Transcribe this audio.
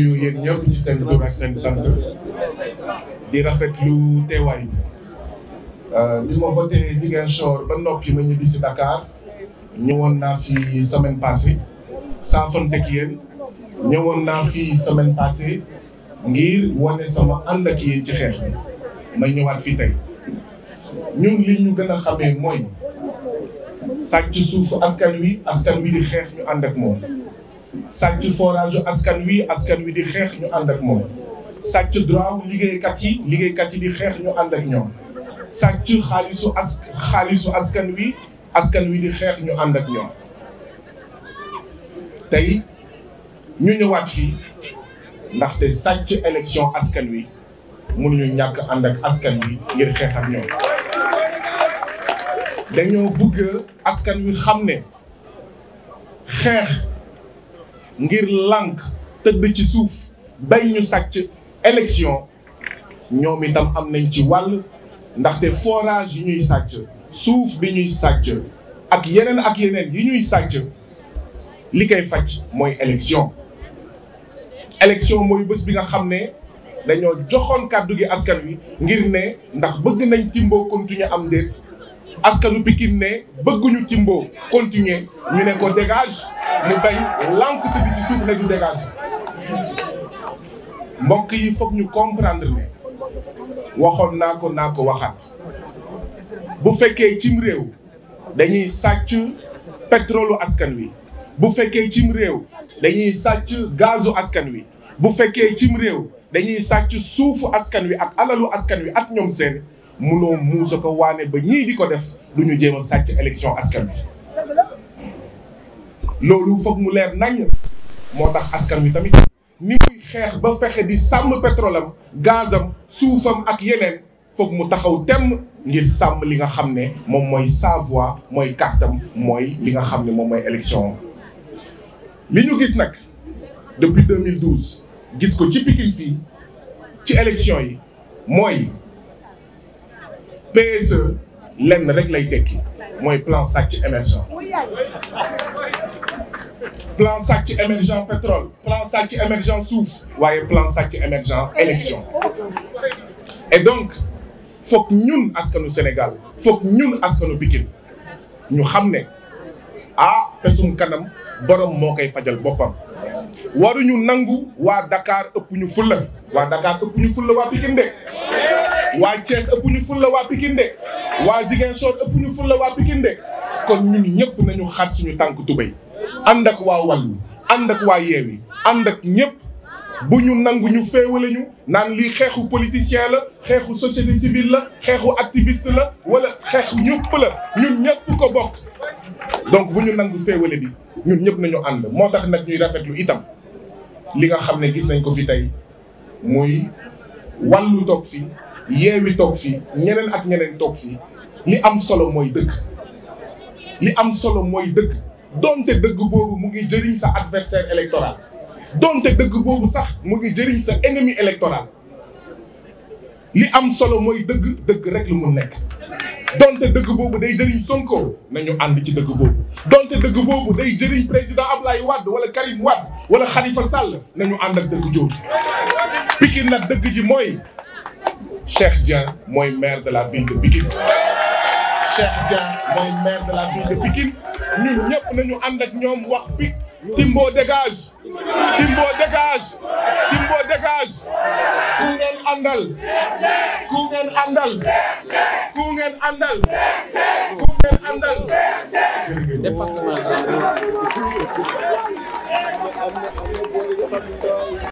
ñu yéen ñëpp ci seen tur ak seen sant di rafetlu teewaay bi euh, bi ma voté Ziguinchor ba noppi ma ñibbi si Dakar ñëwoon naa fi semaine passée saafante ak yéen ñëwoon naa fi semaine passée ngir wane sama ànd ak yéen ci xeex bi ma ñëwaat fii tey ñun li ñu gën a xamee mooy sàcc suufu askan wi askan wi di xeex ñu ànd ak moom sàcc forage askan wi askan wi di xeex ñu ànd ak moom sàcc droit wu liggéeykat yi liggéeykat yi di xeex ñu ànd ak ñoom sàcc xaalisu askan wi askan wi di xeex ñu ànd ak ñoom tey ñu ñëwaat fii ndaxte sàcc élection askan wi mënuñu ñàkk ànd ak askan wi ngir xeex ak ñoom dañoo bëgg askan wi xam ne xeex ngir lànk tëdd ci suuf bay ñu sàcc élection ñoom itam am nañ ci wàll ndaxte forage yi ñuy sàcc suuf bi ñuy sàcc ak yeneen ak yeneen yi ñuy sàcc li koy faj mooy élection. élection mooy bés bi nga xam ne dañoo joxoon kàddu gi askan wi ngir ne ndax bëgg nañ Timbo continuer am déet askanu Pikine ne bëgguñu Timbo continuer ñu ne ko dégage. mu bañ lànk tëdd ci suuf ne du dégage mbokk yi foog ñu comprendre ne waxoon naa ko naa ko waxaat bu fekkee cim réew dañuy sàcc pétrolu askan wi bu fekkee cim réew dañuy sàcc gazu askan wi bu fekkee cim réew dañuy sàcc suufu askan wi ak alalu askan wi ak ñoom seen munoo muusa ko waane ba ñii di ko def du ñu jéem a sàcc élection askan wi loolu foog mu leer nañ moo tax askan wi tamit ni muy xeex ba fexe di sàmm pétrole am gazam suufam ak yeneen foog mu taxaw temm ngir sàmm li nga xam ne moom mooy sa mooy kàrtam mooy li nga xam ne moom mooy élection li ñu gis nag depuis 2012 gis ko ci Pikine fii ci élection yi mooy PSE lenn rek lay tekki mooy plan sàcc émergent plan sàcc émergent pétrole plan sàcc émergent suuf waaye plan sacc émergent élection et donc foog ñun askanu Sénégal foog ñun askanu Pikine ñu xam ne ah pesum kanam borom moo koy fajal boppam waruñu nangu waa dakaar ëpp ñu fulla waa Dakar ëpp ñu fulla waa Pikine de waa Thiès ëpp ñu fulla waa Pikine de waa Ziguinchor ëpp ñu fulla waa Pikine de kon ñun ñëpp nañu xaat suñu tànk tubéy ànd ak waa wàllu ànd ak waa yeewi ànd ak ñëpp bu ñu nangu ñu féewale ñu naan lii xeexu politicien la xeexu société civile la xeexu activiste la wala xeexu ñëpp la ñun ñëpp ko bokk. donc bu ñu nangu féewale bi ñun ñëpp nañu ànd moo tax nag ñuy rafetlu itam li nga xam ne gis nañ ko fi tey muy wàllu toog fi yeewi toog si ñeneen ak ñeneen toog fi li am solo mooy dëkk li am solo mooy dëkk. donte dëgg boobu mu ngi jëriñ sa adversaire électoral donte dëgg boobu sax mu ngi jëriñ sa ennemi électoral li am solo mooy dëgg dëgg rek lu mu nekk donte dëgg boobu day jëriñ Sonko nañu ànd ci dëgg boobu donte dëgg boobu day jëriñ président Ablaye Wade wala Karim Wade wala Khalifa Sall nañu ànd ak dëgg jooju Pikine nag dëgg ji mooy Cheikh Dieng mooy maire de la ville de Pikine Cheikh Dia mooy maire nañu ànd ñoom wax bi Timbo dégage Timbo dégage Timbo dégage ku ngeen